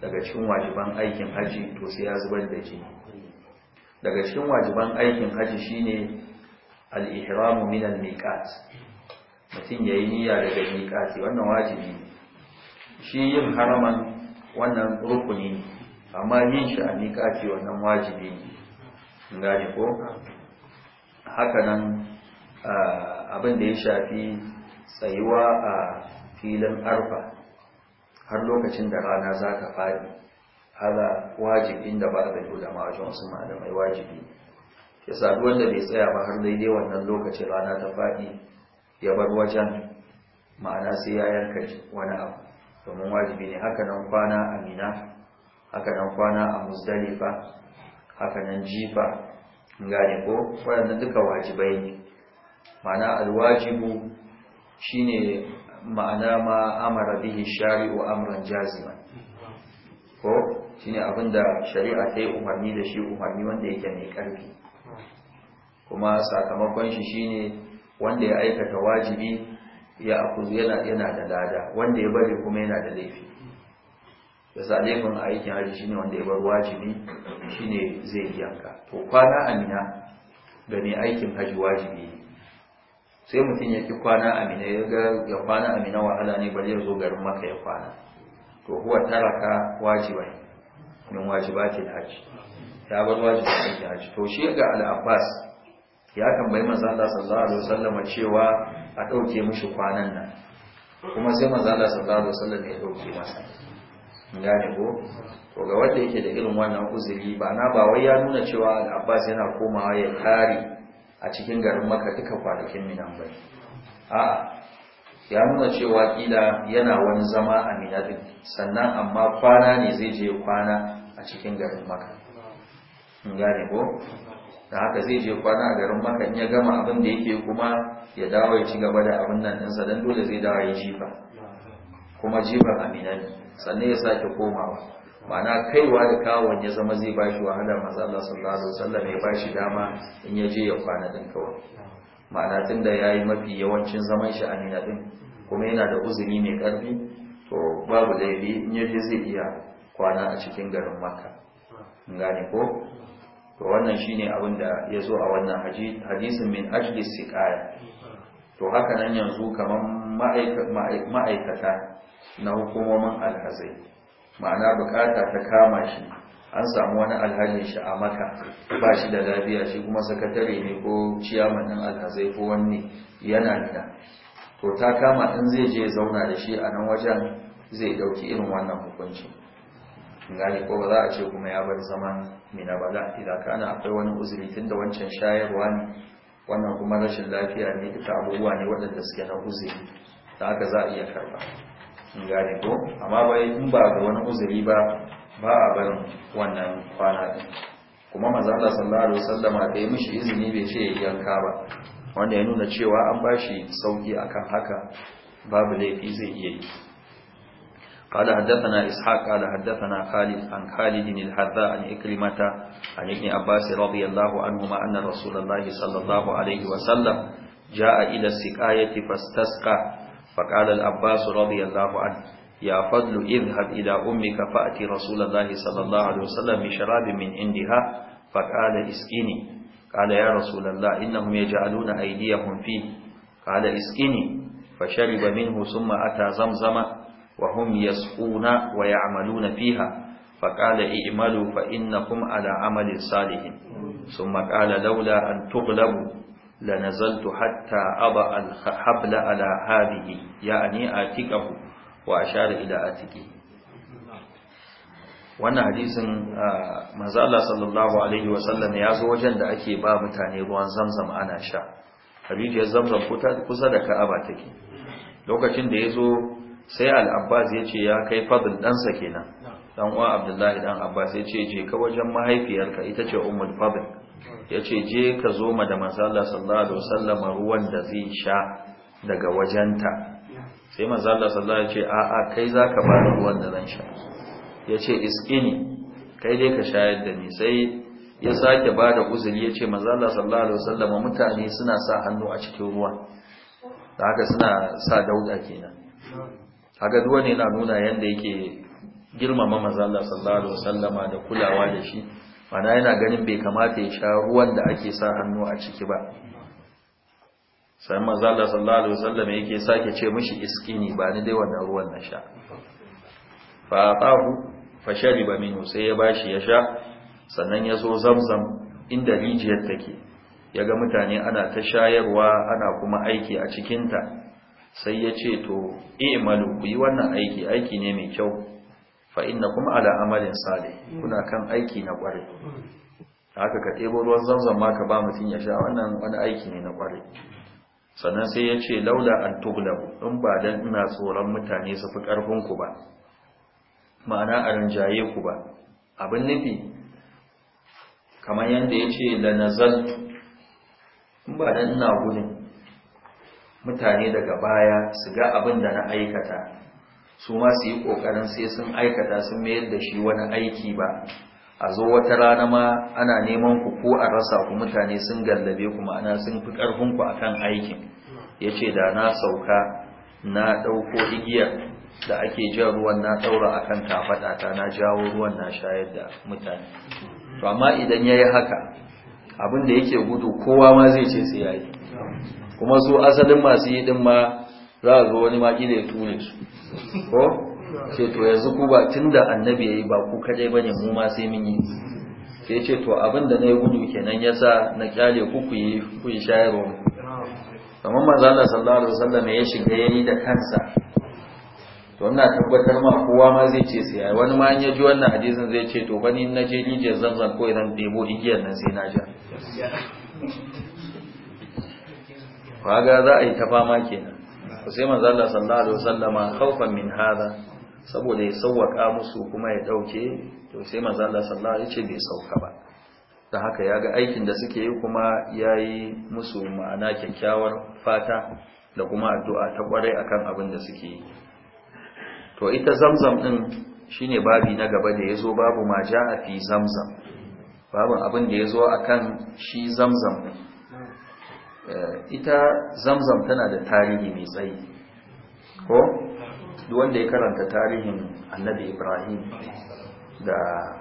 daga cikin wajiban aikin haji to sai ya zubar da jini daga cikin wajiban aikin haji shine al-ihramu min al-miqat mutum yayi niyya daga miqati wannan wajibi shi yin haraman wannan rukuni amma yin shi a miqati wannan wajibi ne ko haka nan abin da ya shafi tsayuwa a filin arfa har lokacin da rana za ka fadi hada wajibin da ba da ulama wajen wasu malamai wajibi ya sadu wanda bai tsaya ba har daidai wannan lokacin rana ta faɗi ya bar wajen ma'ana sai ya yanka wani abu domin wajibi ne haka nan kwana a mina haka nan kwana a musdalifa haka nan jifa gane ko waɗannan duka wajibai ne ma'ana alwajibu shine ma'ana ma amara bihi shari'u amran jaziman ko shine abin da shari'a ta yi umarni da shi umarni wanda yake mai ƙarfi kuma sakamakon shi shine wanda ya aikata wajibi ya akuzu yana yana da lada wanda ya bari kuma yana da laifi yasa laifin aikin haji shine wanda ya bar wajibi ne zai yanka to kwana amina da mai aikin haji wajibi sai mutum ya ki kwana amina ya ga ya kwana amina wahala ne bari ya zo garin maka ya kwana to huwa taraka da min wajibatil ban ta bar wajibatil hajji to shi ga al-abbas ya tambayi manzo Allah sallallahu alaihi wasallam cewa a dauke mishi kwanan nan kuma sai manzo Allah sallallahu alaihi wasallam ya dauke masa ne ko to ga wanda yake da irin wannan uzuri ba na ba wai ya nuna cewa Al-Abbas yana komawa ya tare a cikin garin Makka duka kwanakin minan bai a'a ya nuna cewa kila yana wani zama a mina sannan amma kwana ne zai je kwana a cikin garin maka in gane ko da haka zai je kwana a garin maka in ya gama abin da yake kuma ya dawo ya ci gaba da abin nan ɗinsa don dole zai dawo ya jifa kuma jifan amina ne sannan ya sake komawa Mana kaiwa da kawon ya zama zai bashi wahala masu Allah sallallahu alaihi wasallam ya bashi dama in ya je ya kwana din kawai ma'ana ya yi mafi yawancin zaman shi amina din kuma yana da uzuri mai karfi to babu laifi in yaje zai iya kwana a cikin garin makka gane ko to wannan shine abin da ya zo a wannan hadisin min ajli siqaya to haka nan yanzu kamar ma'aikata na hukumomin alhazai ma'ana bukata ta kama shi an samu wani alhali shi a maka ba shi da lafiya shi kuma sakatare ne ko ciyaman alhazai ko wanne yana nuna to ta kama in zai je zauna da shi a nan wajen zai dauki irin wannan hukunci gani ko ba za a ce kuma ya bar zaman mina bala idan kana akwai wani uzuri tunda wancan shayarwa ne wannan kuma rashin lafiya ne duka abubuwa ne waɗanda suke na uzuri da haka za a iya karba gani ko amma bai in ba ga wani uzuri ba ba a barin wannan kwana din kuma manzo Allah sallallahu alaihi wasallama da ya mishi izini bai ce yanka ba wanda ya nuna cewa an bashi sauki akan haka babu laifi zai iya yi قال حدثنا إسحاق قال حدثنا خالد عن خالد الحذاء عن إكلمة عن ابن عباس رضي الله عنهما أن رسول الله صلى الله عليه وسلم جاء إلى السقاية فاستسقى فقال العباس رضي الله عنه يا فضل اذهب إلى أمك فأتي رسول الله صلى الله عليه وسلم بشراب من عندها فقال اسقني قال يا رسول الله إنهم يجعلون أيديهم فيه قال اسقني فشرب منه ثم أتى زمزم وهم يسقون ويعملون فيها فقال اعملوا فإنكم على عمل صالح ثم قال لولا أن تغلبوا لنزلت حتى أضع الحبل على هذه يعني آتكه وأشار إلى آتكه wannan hadisin manzo Allah sallallahu alaihi wasallam ya zo wajen da ake ba mutane ruwan zamzam ana sha habibiyar zamzam kusa da ka'aba take lokacin da ya zo sai al-abbas ya ce ya kai fadl ɗansa kenan dan uwa abdullahi dan abbas ya ce je ka wajen mahaifiyarka ita ce ummul fadl ya ce je ka zo ma da manzo Allah sallallahu alaihi wasallam ruwan da zai sha daga wajenta sai manzo Allah sallallahu alaihi wasallam ya ce a'a kai zaka ba ruwan da zan sha ya ce iskini kai dai ka shayar da ni sai ya sake ba da uzuri ya ce mazala sallallahu alaihi wasallam mutane suna sa hannu a cikin ruwa da haka suna sa dauda kenan haka duwa ne na nuna yanda yake girmama mazala sallallahu alaihi wasallama da kulawa da shi mana yana ganin bai kamata ya sha ruwan da ake sa hannu a ciki ba sai mazala sallallahu alaihi wasallama yake sake ce mishi iskini ba ni dai wannan ruwan na sha fa ta'u ba minhu sai ya bashi ya sha sannan ya zo zamzam inda rijiyar take ya ga mutane ana ta shayarwa ana kuma aiki a cikinta sai ya ce to i'malu ku yi wannan aiki aiki ne mai kyau fa kuma ala amalin sale kuna kan aiki na kware haka ka ɗebo ruwan zamzam ma ka ba mutum ya sha wannan wani aiki ne na kware sannan sai ya ce laula an in ba don ina tsoron mutane su fi ƙarfinku ba ma'ana a rinjaye ku ba abin nufi kamar yadda ya ce da nazaltu in ba dan ina gudun mutane daga baya su ga abin da na aikata su ma su yi ƙoƙarin sai sun aikata sun mayar da shi wani aiki ba a zo wata rana ma ana neman ku ko a rasa ku mutane sun gallabe ku ma'ana sun fi ƙarfin ku akan aikin ya ce da na sauka na ɗauko igiyar da ake jan ruwan na daura akan kafaɗata, na jawo ruwan na shayar da mutane to amma idan yayi haka abin da yake gudu kowa ma zai ce sai yayi kuma su asalin masu yi din ma za a zo wani maki da ya ture su ko ce to yanzu ku ba tunda annabi yayi ba ku kadai bane mu ma sai mun yi sai ce to abin da na yi gudu kenan ya sa na kyale ku ku yi ku yi shayarwa kamar manzo Allah sallallahu alaihi wasallam ya shiga yayi da kansa to ina tabbatar ma kowa ma zai ce sai wani ma ya ji wannan hadisin zai ce to bani na je rijiyar zanzan ko idan ɗebo igiyar nan sai na ja kaga za a yi ta fama kenan to sai manzo Allah sallallahu alaihi wasallama khaufan min hada saboda ya sauwaka musu kuma ya dauke to sai manzo Allah sallallahu alaihi ce bai sauka ba da haka ya ga aikin da suke yi kuma yayi musu ma'ana kyakkyawar fata da kuma addu'a ta kwarai akan abin da suke yi to ita zamzam din shine babi na gaba da yazo babu ma jaa fi zamzam babu abin da yazo akan shi zamzam din eh, ita zamzam tana da tarihi mai tsayi ko duk wanda ya karanta tarihin annabi Ibrahim da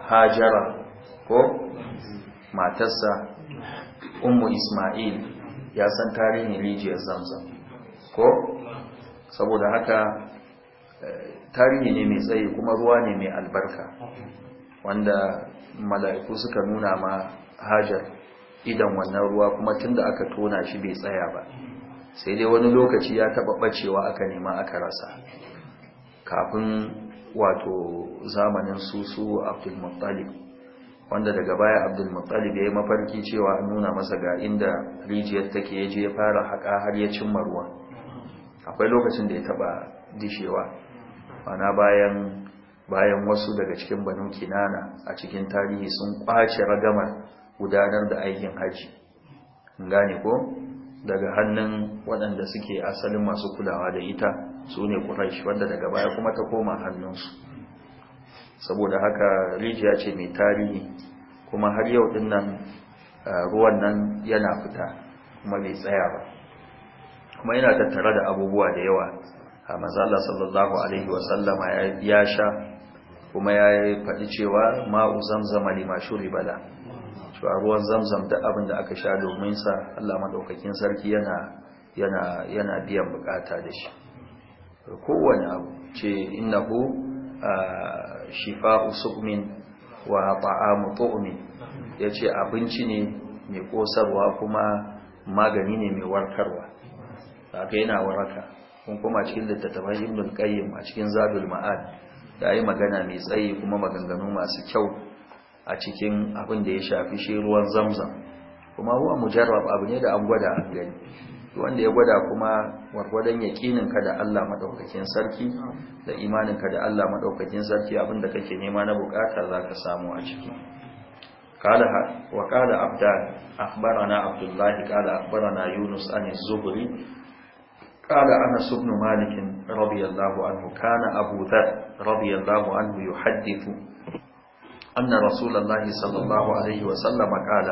Hajara ko matarsa ummu Ismail ya san tarihin rijiyar Zamzam ko saboda haka eh, tarihi ne mai tsaye kuma ruwa ne mai albarka wanda mala'iku suka nuna ma hajar idan wannan ruwa kuma tun da aka tona shi bai tsaya ba sai dai wani lokaci ya taɓa ɓacewa aka nema aka rasa kafin wato zamanin susu abdulmuttalib wanda daga baya abdulmuttalib ya yi mafarki cewa an nuna masa ga inda rijiyar take ya je ya fara haƙa har ya cimma ruwa akwai lokacin da ya taɓa dishewa ana bayan bayan wasu daga cikin banu kinana a cikin tarihi sun kwace ragamar gudanar da aikin haji gane ko daga hannun waɗanda suke asalin masu kulawa da ita su ne quraish wanda daga baya kuma ta koma hannunsu saboda haka rijiya ce mai tarihi kuma har yau din nan ruwan nan yana fita kuma bai tsaya ba kuma yana tattare da abubuwa da yawa a mazala sallallahu alaihi sallama ya sha kuma ya yi faɗi cewa ma'u zamzama lima shuri bala a ruwan zamzam da abin da aka sha domin sa Allah maɗaukakin sarki yana yana biyan bukata da shi kowane abu ce a shifa'u usukmin wa ta'amu ya ce abinci ne mai kosarwa kuma magani ne mai warkarwa haka yana waraka kun kuma cikin littattafan ibn qayyim a cikin zadul ma'ad da yi magana mai tsayi kuma maganganu masu kyau a cikin abin da ya shafi shi ruwan zamzam kuma huwa mujarrab abu ne da an gwada an gani wanda ya gwada kuma wargwadon yaqinin ka da Allah madaukakin sarki da imanin ka da Allah madaukakin sarki abin da kake nema na bukata zaka samu a ciki wa kala عبدان akhbarana abdullahi kala akhbarana yunus an az-zubri قال أنس بن مالك رضي الله عنه كان أبو ذر رضي الله عنه يحدث أن رسول الله صلى الله عليه وسلم قال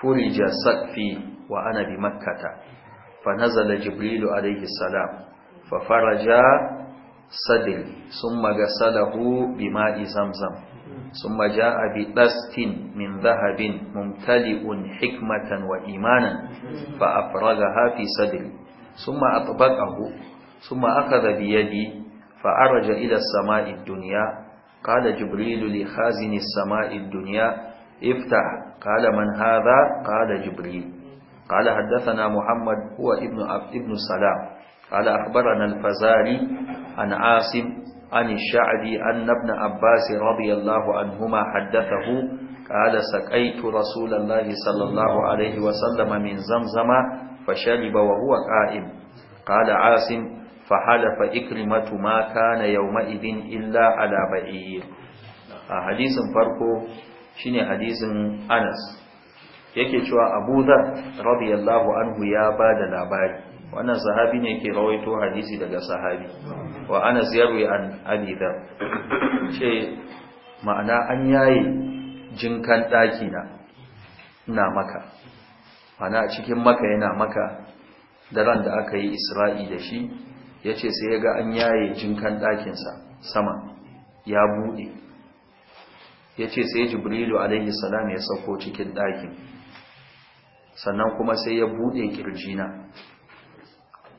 فرج سقفي وأنا بمكة فنزل جبريل عليه السلام ففرج صدري ثم غسله بماء زمزم ثم جاء بدست من ذهب ممتلئ حكمة وإيمانا فأفرغها في صدري ثم أطبقه ثم أخذ بيدي فأرج إلى السماء الدنيا قال جبريل لخازن السماء الدنيا افتح قال من هذا قال جبريل قال حدثنا محمد هو ابن ابن سلام قال أخبرنا الفزاري عن عاصم عن الشعبي أن ابن عباس رضي الله عنهما حدثه قال سقيت رسول الله صلى الله عليه وسلم من زمزم فشرب وهو قائم قال عاصم فحلف إكرمة ما كان يومئذ إلا على بعير حديث فرقه شنو حديث أنس yake cewa Abu Dhar radiyallahu anhu ya bada labari wannan sahabi ne yake rawaito hadisi daga sahabi wa Anas yarwi an Abi Dhar ce ma'ana an yaye jinkan daki na ina maka ana cikin maka yana maka daren da aka yi isra'i da shi ya ce sai ya ga an yaye jinkan ɗakinsa sama ya buɗe ya ce sai jibrilu alaihi salam ya sauko cikin ɗakin sannan kuma sai ya buɗe ƙirjina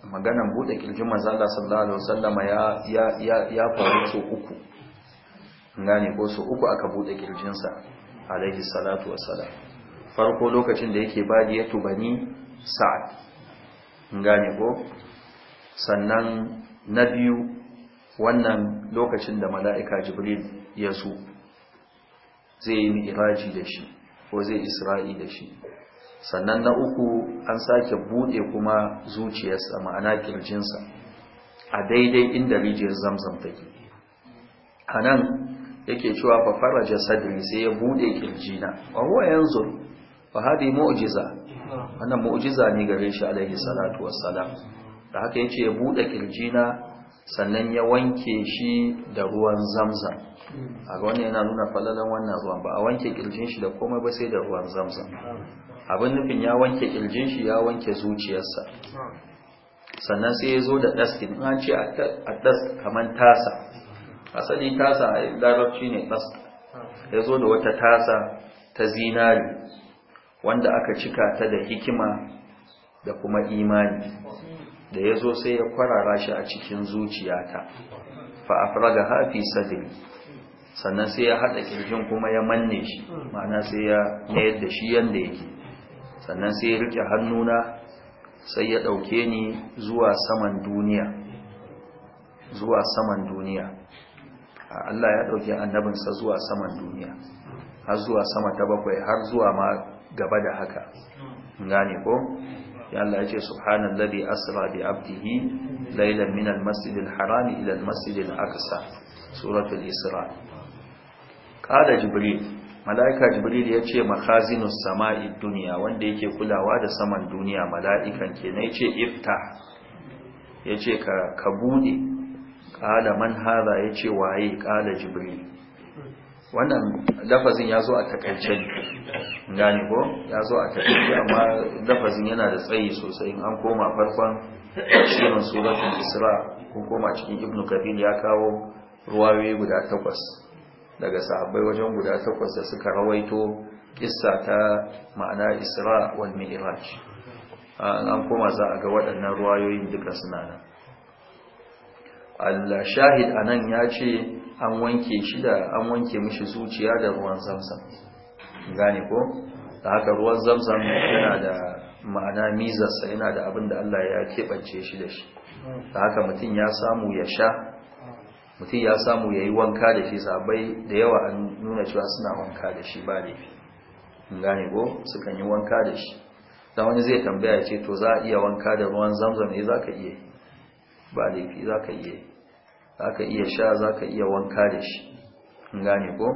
maganan buɗe ƙirjin mazala sallallahu alaihi wasallama ya faru so uku gane ko so uku aka buɗe ƙirjinsa alaihi salatu wasallam farko lokacin da yake badiyatu bani sa'ad gane ko sannan na biyu wannan lokacin da mala'ika jibril ya so zai yi mi'iraji da shi ko zai isra'i da shi sannan na uku an sake bude kuma zuciyarsa ma'ana kirjinsa a daidai inda rijiyar zamzam take a nan yake cewa fafara jasadri sai ya buɗe kirjina wa huwa yanzu fa hadi mu'jiza wannan mu'jiza ne gare shi alaihi salatu wassalam da haka yace ya bude kirjina sannan ya wanke shi da ruwan zamzam a ga wannan yana nuna falalan wannan ruwan ba a wanke kirjin shi da komai ba sai da ruwan zamzam abin nufin ya wanke kirjin shi ya wanke zuciyarsa sannan sai ya zo da ɗaskin in an ce a ɗas kamar tasa asali tasa a larabci ne ɗas ya zo da wata tasa ta zinari wanda aka cika ta da hikima da kuma imani da ya zo sai ya kwarara shi a cikin zuciyata fa'afraga hafi sadiri sannan sai ya haɗa kirjin kuma ya manne shi ma'ana sai ya mayar da shi yadda yake sannan sai ya riƙe hannuna sai ya ɗauke ni zuwa saman duniya zuwa saman duniya Allah ya ɗauke annabinsa zuwa saman duniya har zuwa sama ta bakwai har zuwa ma gaba da haka gane ko ya Allah ya ce subhanallazi asra bi abdihi lailan min al harami ilan haram aksa, al suratul isra kada jibril malaika jibril ya ce makhazinus sama'i duniya, wanda yake kulawa da saman duniya mala'ikan kenan ya ce ifta ya ce ka bude kala man hadha ya ce waye kala jibril wannan lafazin ya zo a takaice gani ko ya zo a takaice amma lafazin yana da tsayi sosai an koma farkon shirin suratun isra kun koma cikin ibnu kabil ya kawo ruwaye guda takwas daga sahabbai wajen guda takwas da suka rawaito kissa ta ma'ana isra wal mi'raj an koma za a ga waɗannan ruwayoyin duka suna nan al-shahid anan ya ce an wanke shi da an wanke mishi zuciya da ruwan zamzam gane ko da haka ruwan zamzam yana da ma'ana mizarsa yana da abin da Allah ya keɓance shi da shi da haka mutum ya samu ya sha mutum ya samu ya yi wanka da shi sabai da yawa an nuna cewa suna wanka da shi ba laifi gane ko sukan yi wanka da shi da wani zai tambaya ce to za a iya wanka da ruwan zamzam ne za ka iya ba laifi za ka iya zaka iya sha zaka iya wanka da shi gane ko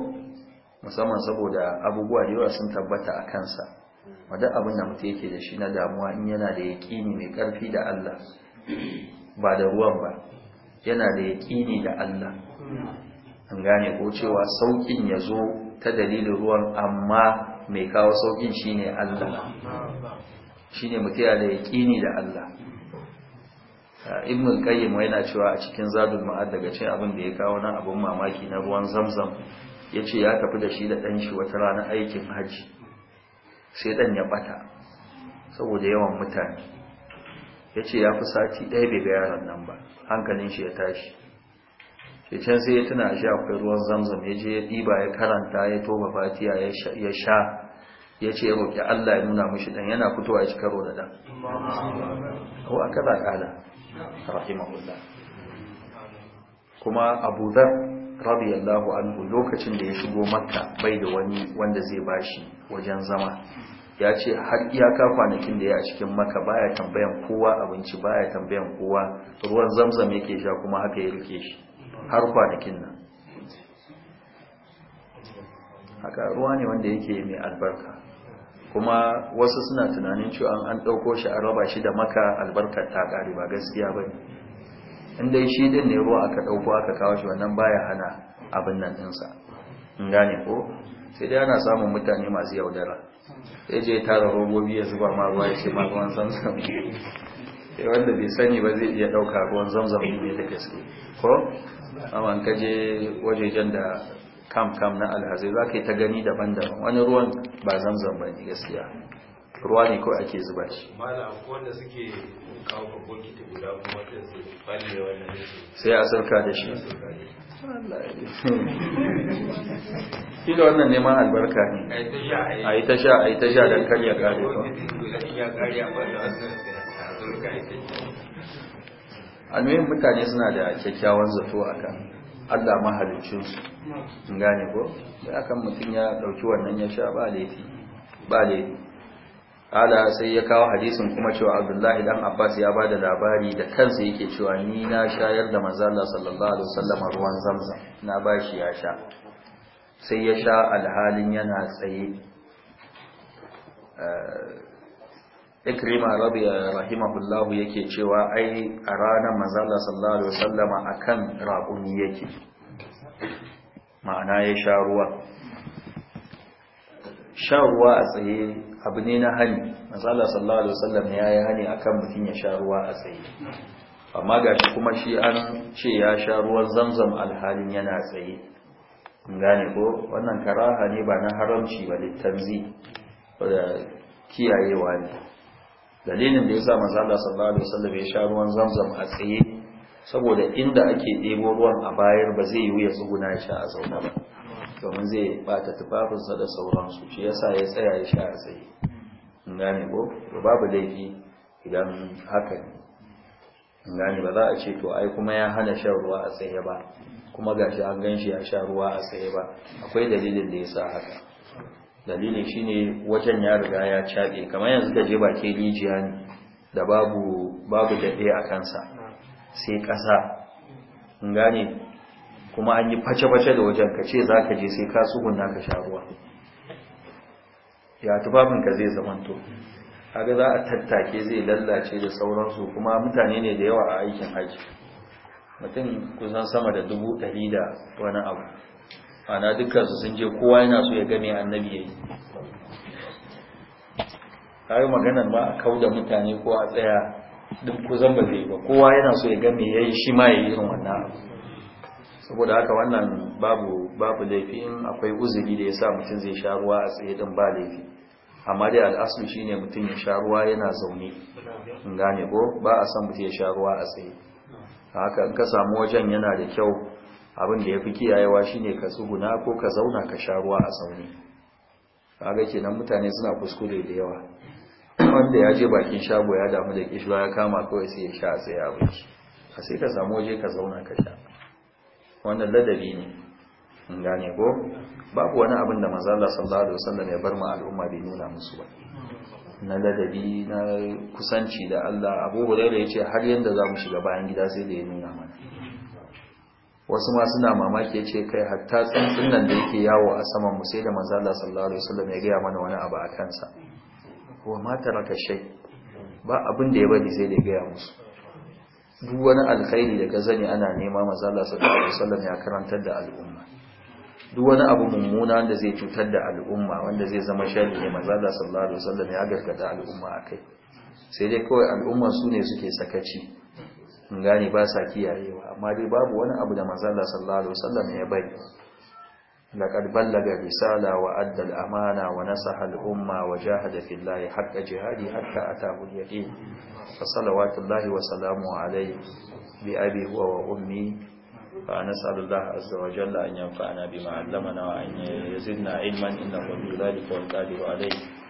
musamman saboda abubuwa da yawa sun tabbata a kansa wanda abin da mutu yake da shi na damuwa in yana da yaƙini mai ƙarfi da Allah ba da ruwan ba yana da yaƙini da Allah an gane ko cewa saukin ya zo ta dalilin ruwan amma mai kawo sauƙin shine Allah shine mutum yana da yaƙini da Allah ibnul qayyim yana cewa a cikin zadul ma'ad daga cikin abin da ya kawo nan abin mamaki na ruwan zamzam yace ya tafi da shi da dan shi wata rana aikin haji sai dan ya bata saboda yawan mutane yace ya fi sati ɗaya bai ga yaron nan ba hankalin shi ya tashi Ke can sai ya tuna shi akwai ruwan zamzam ya je ya ɗiba ya karanta ya toba fatiya ya sha ya ce ya roƙi Allah ya nuna mashi ɗan yana fitowa ya ci karo da ko aka ba kala rahimahullah kuma abu dhar radiyallahu anhu lokacin da ya shigo makka bai da wani wanda zai bashi wajen zama ya ce har iyaka kwanakin da ya a cikin maka baya tambayan kowa abinci baya tambayan kowa ruwan zamzam yake sha kuma haka ya rike shi har kwanakin nan haka ruwa ne wanda yake mai albarka kuma wasu suna tunanin cewa an ɗauko shi a raba shi da maka albarkar ta ƙare ba gaskiya ba ne inda shi ɗin ne ruwa aka ɗauko aka kawo shi wannan baya hana abin nan ɗinsa in gane ko sai dai ana samun mutane masu yaudara sai je tara robobi ya zuba ma ruwa ya ce ma ruwan zamzam sai wanda bai sani ba zai iya ɗauka ruwan zamzam ne da gaske ko amma ka je wajejen da kam-kam na alhazai za ka yi ta gani daban-daban wani ruwan ba zanzan ba ne gaskiya ruwa ne kawai ake zuba shi sai a sarka da shi ila wannan neman albarka ne a yi ta sha a yi ta sha don karya kare ba almihin mutane suna da kyakkyawan zato kan Allah su in gane ko sai akan mutum ya ɗauki wannan ya sha ba laifi ba laifi ala sai ya kawo hadisin kuma cewa abdullahi dan abbas ya ba da labari da kansa yake cewa ni na shayar da manzo Allah sallallahu alaihi wasallam ruwan zamzam na bashi ya sha sai ya sha alhalin yana tsaye eh, ikrima rabi rahimahullahu yake cewa ai a ranar manzala sallallahu alaihi wasallama akan raƙumi yake ma'ana ya sha ruwa sha ruwa a tsaye abu ne na hani manzala sallallahu alaihi wasallama ya yi hani akan mutum ya sha ruwa a tsaye amma gashi kuma shi an ce ya sha ruwan zamzam alhalin yana tsaye gane ko wannan karaha ne ba na haramci ba littanzi kiyayewa ne dalilin da yasa sa Allah sallallahu alaihi wasallam ya sha ruwan zamzam a tsaye saboda inda ake ɗebo ruwan a bayar ba zai yi ya tsuguna sha a zauna ba domin zai bata tufafinsa da sauransu shi yasa ya tsaya ya sha a tsaye in gane ko babu laifi idan haka ne in gane ba za a ce to ai kuma ya hana shan ruwa a tsaye ba kuma gashi an ganshi shi ya sha ruwa a tsaye ba akwai dalilin da ya sa haka dalilin shine wajen ya riga ya caɓe kamar yanzu ka je bakin rijiya ne da babu daɗe a kansa sai ƙasa gane kuma an yi face-face da wajen ka ce za ka je sai ka na ka sha ruwa ya tufafinka zai zamanto haka za a tattake zai lallace da sauransu kuma mutane ne da yawa a aikin haji mutum kusan sama da dubu ɗari da wani abu ana su sun je kowa yana so ya game annabi yayi yi maganar ba a kau mutane ko a tsaya duk kuzan ba zai ba kowa yana so ya game ya shi ma yayi irin wannan saboda haka wannan babu babu laifi in akwai uzuri da yasa mutum zai sha ruwa a tsaye din ba laifi amma dai al'asu shine mutum ya sha ruwa yana zaune in gane ko ba a san mutum ya sha ruwa a tsaye haka in ka samu wajen yana da kyau abin da ya fi kiyayewa shine ka tsuguna ko ka zauna ka sha ruwa a sauni kaga kenan mutane suna kuskure da yawa wanda ya je bakin shago ya damu da kishwa ya kama kawai sai ya sha tsaye ya wuce a sai ka samu waje ka zauna ka sha wannan ladabi ne in gane ko babu wani abin da manzo Allah sallallahu alaihi wasallam ya bar mu al'umma bai nuna musu ba na ladabi na kusanci da Allah Abu Hurairah ce har yadda za mu shiga bayan gida sai da ya nuna mana wasu ma suna mamaki ya ce kai hatta tsuntsun nan da yake yawo a saman mu sai da maza Allah sallallahu alaihi wasallam ya gaya mana wani abu a kansa wa ma taraka shay ba abin da ya bari sai da ya gaya musu duk wani alkhairi da ga zani ana nema maza Allah sallallahu alaihi wasallam ya karantar da al'umma duk wani abu mummuna wanda zai cutar da al'umma wanda zai zama sharri ne manzo sallallahu alaihi wasallam ya gargada al'umma akai sai dai kawai al'umma su ne suke sakaci gane ba sa kiyayewa amma dai babu wani abu da mazalla sallallahu alaihi wasallam ya bari laqad ballaga risala wa adda al-amana wa nasaha al-umma wa jahada fillahi haqqa jihadi hatta atahu al-yaqin fa salawatullahi wa salamu alayhi bi abi wa ummi fa nas'alullah azza wa jalla an yanfa'ana bima 'allamana wa an yazidna ilman innahu bi dhalika qadir alayhi